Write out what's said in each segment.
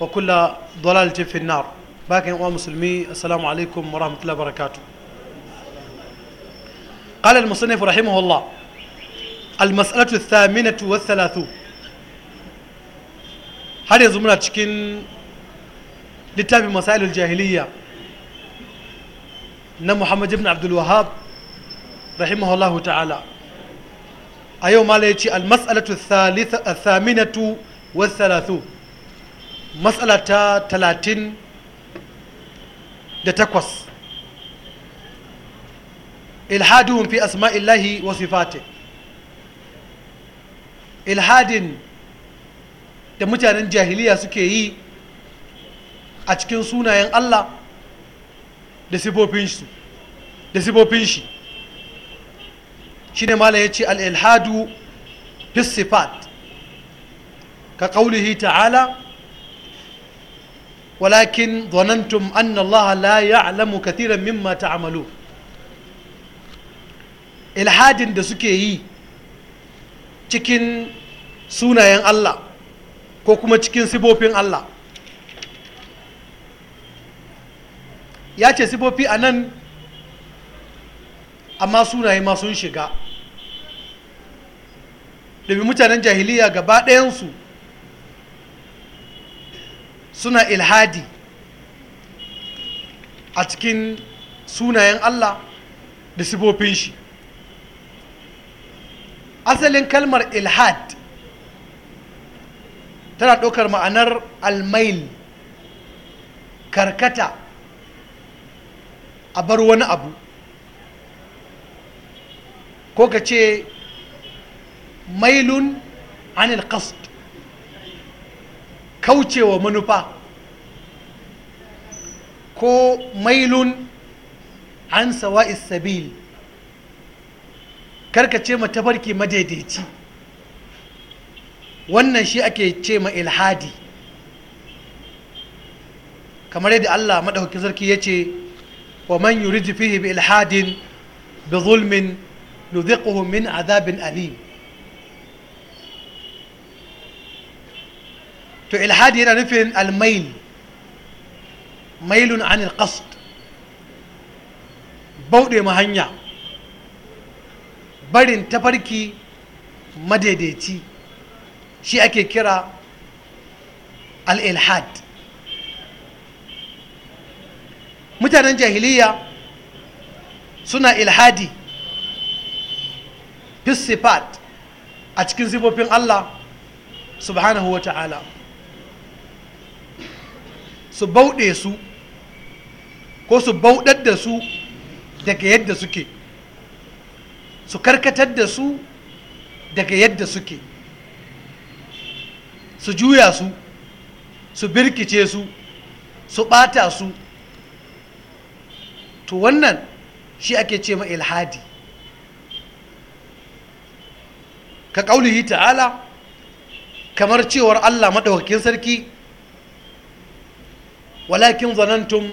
وكل ضلالة في النار باكن ومسلمي مسلمي السلام عليكم ورحمة الله وبركاته قال المصنف رحمه الله المسألة الثامنة والثلاثون هذه يزمنا تشكين لتابع مسائل الجاهلية نم محمد بن عبد الوهاب رحمه الله تعالى أيوم عليك المسألة الثالثة الثامنة والثلاثون matsala ta talatin da takwas ilhadun fi asma'illahi wa sifati ilhadin da mutanen jahiliya suke yi a cikin sunayen Allah da sifofinsu sifofin shi shine mala yace al ilhadu fi sifat ka qawlihi ta'ala ولكن ظننتم أن الله لا يعلم كثيرا مما amalu. ilhadin da suke yi cikin sunayen Allah ko kuma cikin sibofin Allah ya ce sibofi a nan amma sunaye ma sun shiga domin mutanen jahiliya gaba ɗayansu suna ilhadi a cikin sunayen Allah da sifofin shi asalin kalmar ilhad tana ɗaukar ma'anar almail karkata a bar wani abu ko ka ce mailun anil qasd kaucewa manufa ko mailun an sawa isabil ce ma tafarki madaidaici wannan shi ake ce ma ilhadi kamar yadda Allah maɗauki sarki ya ce wa man yuriji fihi bi ilhadin bi zulmin nudhiquhu min azabin alim to ilhadi yana nufin almail mailun anil qasd bauɗe ma hanya barin tafarki madaidaici shi ake kira al-ilhad mutanen jahiliya suna ilhadi fi sifat a cikin sifofin Allah subhanahu wa ta'ala su bauɗe su ko su bauɗar da su daga yadda suke su karkatar da su daga yadda suke su juya su su birkice su su ɓata su to wannan shi ake ce ma ilhadi ka ƙaunihi ta'ala kamar cewar allah maɗaukakin sarki walakin zanantum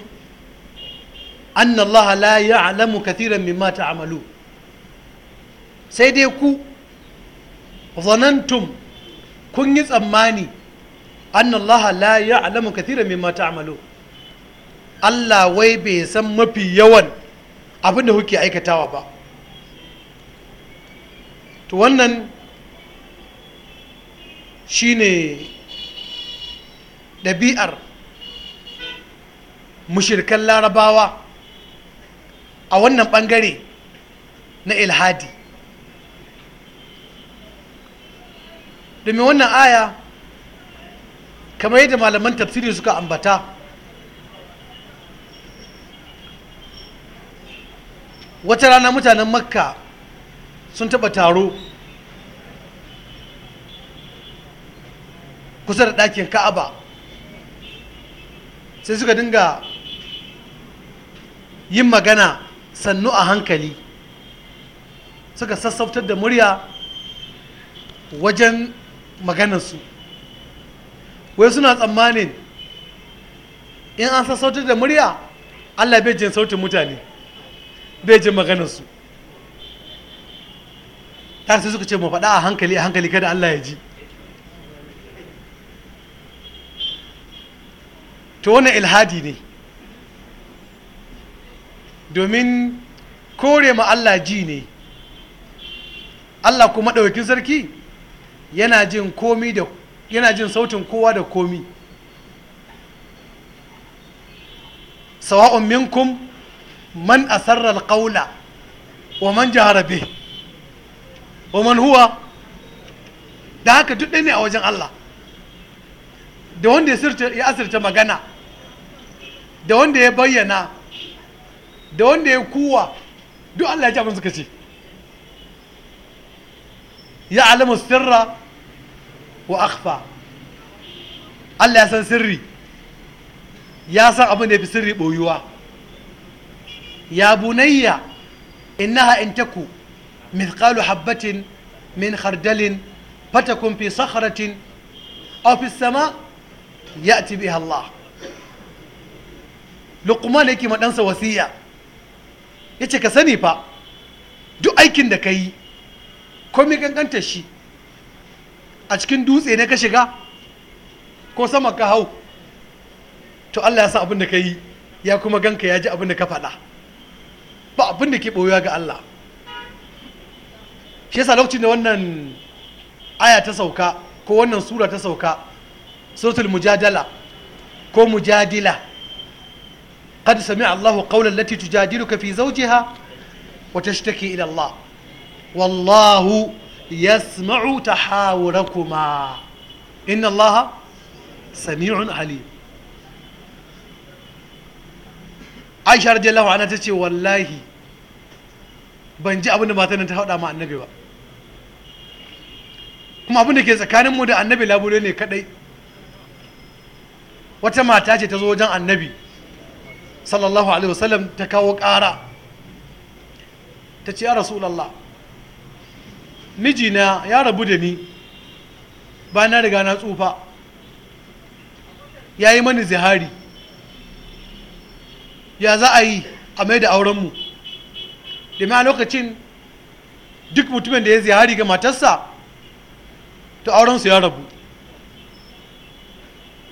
anna Allah la ya'lamu kathiran mimma ta'malu sai dai ku zanantum kun yi tsammani anna Allah la ya'lamu kathiran mimma ta'malu Allah wai bai san mafi yawan abin da kuke aikatawa ba to wannan shine ɗabi'ar mushirkan larabawa a wannan ɓangare na ilhadi domin wannan aya kamar yadda malaman tafsiri suka ambata wata rana mutanen makka sun taɓa taro kusa da ɗakin ka'aba sai suka dinga yin magana sannu a hankali suka sassautar da murya wajen maganarsu wai suna tsammanin in an sassautar da murya allah bai jin sautin mutane bai jin maganarsu ta sai suka ce mu faɗa a hankali a hankali kada allah ya ji to wannan ilhadi ne domin kore ma Allah ji ne Allah kuma ɗaukin sarki yana jin sautin kowa da komi sawa'un minkum man asarra ƙaula wa man jahara wa man huwa da haka duk ne a wajen Allah da wanda ya asirta magana da wanda ya bayyana da wanda ya kuwa duk Allah ya ji abin suka ce ya alamu sirra wa akhfa Allah ya san sirri ya san abin da ya fi sirri ɓoyuwa ya bunayya innaha in taku mithqalu habbatin min khardalin fatakun fi sakharatin aw fi sama ya'ti biha Allah Luqman yake ma ɗansa wasiya ya ce ka sani fa duk aikin da ka yi komai kankantar shi a cikin dutse ne ka shiga ko sama ka hau to Allah ya sa abin da ka yi ya kuma ganka ya ji abin da ka faɗa ba abin da ke ɓoyuwa ga Allah shi yasa lokacin da wannan aya ta sauka ko wannan sura ta sauka suratul mujadala ko mujadila قد سمع الله قول التي تجادلك في زوجها وتشتكي إلى الله والله يسمع تحاوركما إن الله سميع عليم aisha radiyallahu anha ta ce wallahi ban ji abin matan nan ta annabi ba kuma abin da ke tsakanin mu da annabi labule ne kadai wata mata ce ta zo wajen annabi sallallahu alaihi wasallam ta kawo ƙara ta ce ya rasulallah mijina ya rabu da ni ba na riga na tsufa ya yi mani zihari ya za a yi a mai da aurenmu domin a lokacin duk mutumin da ya zihari ga matarsa ta aurensu ya rabu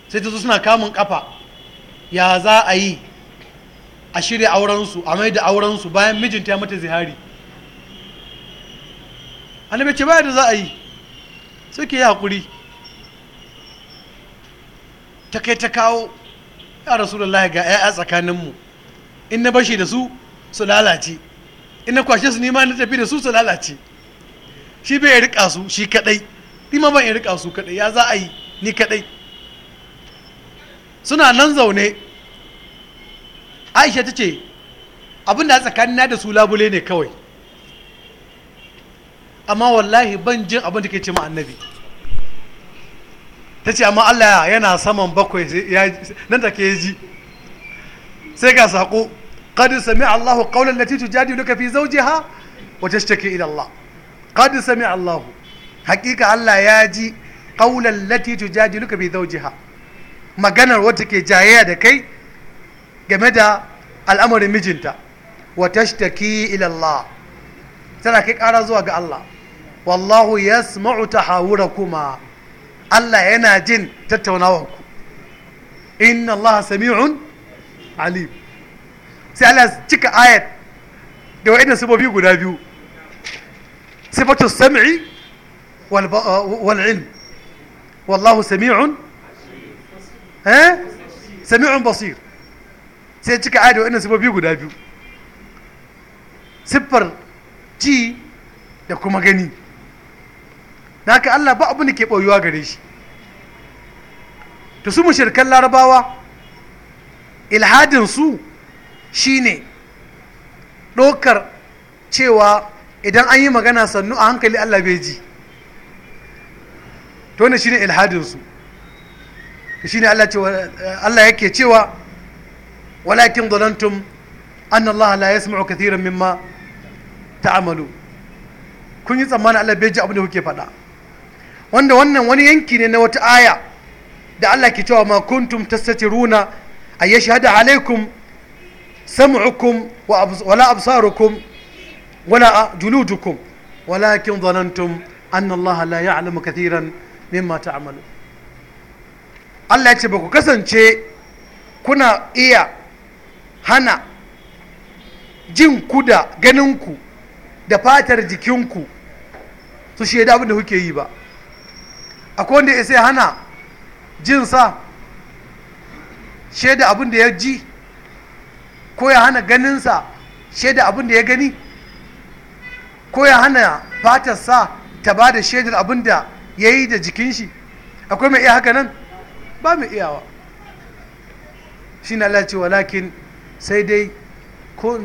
sai ta zo suna kamun kafa ya za a yi a shirya aurensu a mai da aurensu bayan mijinta ya mata zihari annabi ce baya da za a yi suke yi haƙuri ta kai ta kawo ya rasu da ga 'ya'ya tsakaninmu in na bashi da su su lalace in na kwashe su nima na tafi da su su lalace shi bai ya rika su shi kadai nima ban ya rika su kadai ya za a yi ni kadai suna nan zaune aisha ta ce abin da tsakanina da su labule ne kawai amma wallahi ban jin abin da ke ce ma'annabi ta ce amma allah yana saman bakwai nan da ke ji sai ga saƙo ƙadin sami Allah ƙaunar na titi jadi duka fi zauje ha wata shi allah ƙadin sami Allah haƙiƙa allah ya ji ƙaunar na titi jadi duka fi zauje ha maganar wata ke jayayya da kai game da al'amarin mijinta wa tashtaki ila Allah tana kai ƙara zuwa ga Allah wallahu hawura kuma Allah yana jin tattaunawanku inna Allah sami'un alim sai Allah cika ayat da wa'in sabobi guda biyu sifatu sam'i wal ilm wallahu sami'un eh? sami'un basir sai cika ayat da wa'annan sifofi guda biyu siffar ji da kuma gani na ka Allah ba abin da ke ɓoyuwa gare shi ta su shirkan larabawa ilhadinsu shi ne ɗaukar cewa idan an yi magana sannu a hankali Allah bai ji to ne shine ne ilhadinsu shi Allah Allah yake cewa walakin zalantum an Allah la yasma'u kathiran mimma ta'amalu kun yi tsammanin Allah bai ji abin da kuke faɗa wanda wannan wani yanki ne na wata aya da Allah ke cewa ma kuntum tastatiruna ay yashhadu alaikum sam'ukum wala absarukum wala juludukum walakin zanantum anna Allah la ya'lamu kathiran mimma ta'malu Allah ya ce ba ku kasance kuna iya hana jin ku da ganinku da fatar jikinku su shaida abin da kuke yi ba akwai wanda ya sai hana jin sa shaida abin da ya ji ko ya hana ganinsa shaida abin da ya gani ko ya hana fatarsa ta ba da shaidar abin da ya yi da jikin shi akwai mai iya haka nan ba mai iyawa shi na lalacewa lakin sai dai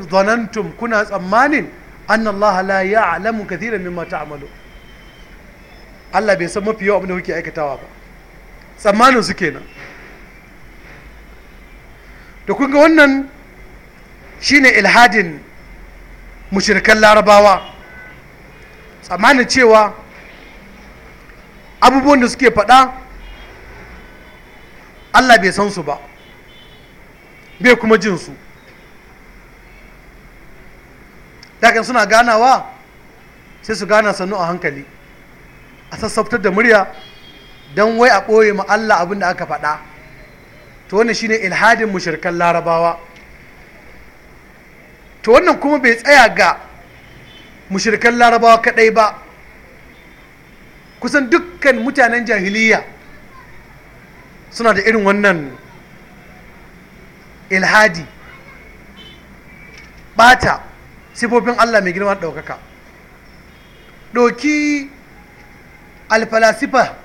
zanantum kuna tsammanin anna Allah la ya'lamu kathiran mimma ta'malu Allah bai san mafi yawa abin da kuke aikatawa ba tsammanin su kenan da kun ga wannan shine ilhadin mushrikan larabawa tsammanin cewa abubuwan da suke faɗa Allah bai san su ba bai kuma jin su dakin suna ganawa sai su gana sannu a hankali a sassaftar da murya don wai a ɓoye ma Allah abin da aka faɗa to wannan shine ilhadin mushirkan larabawa to wannan kuma bai tsaya ga mushirkan larabawa kaɗai ba kusan dukkan mutanen jahiliya suna da irin wannan ilhadi bata sifofin Allah mai girma ɗaukaka ɗauki alfalasifa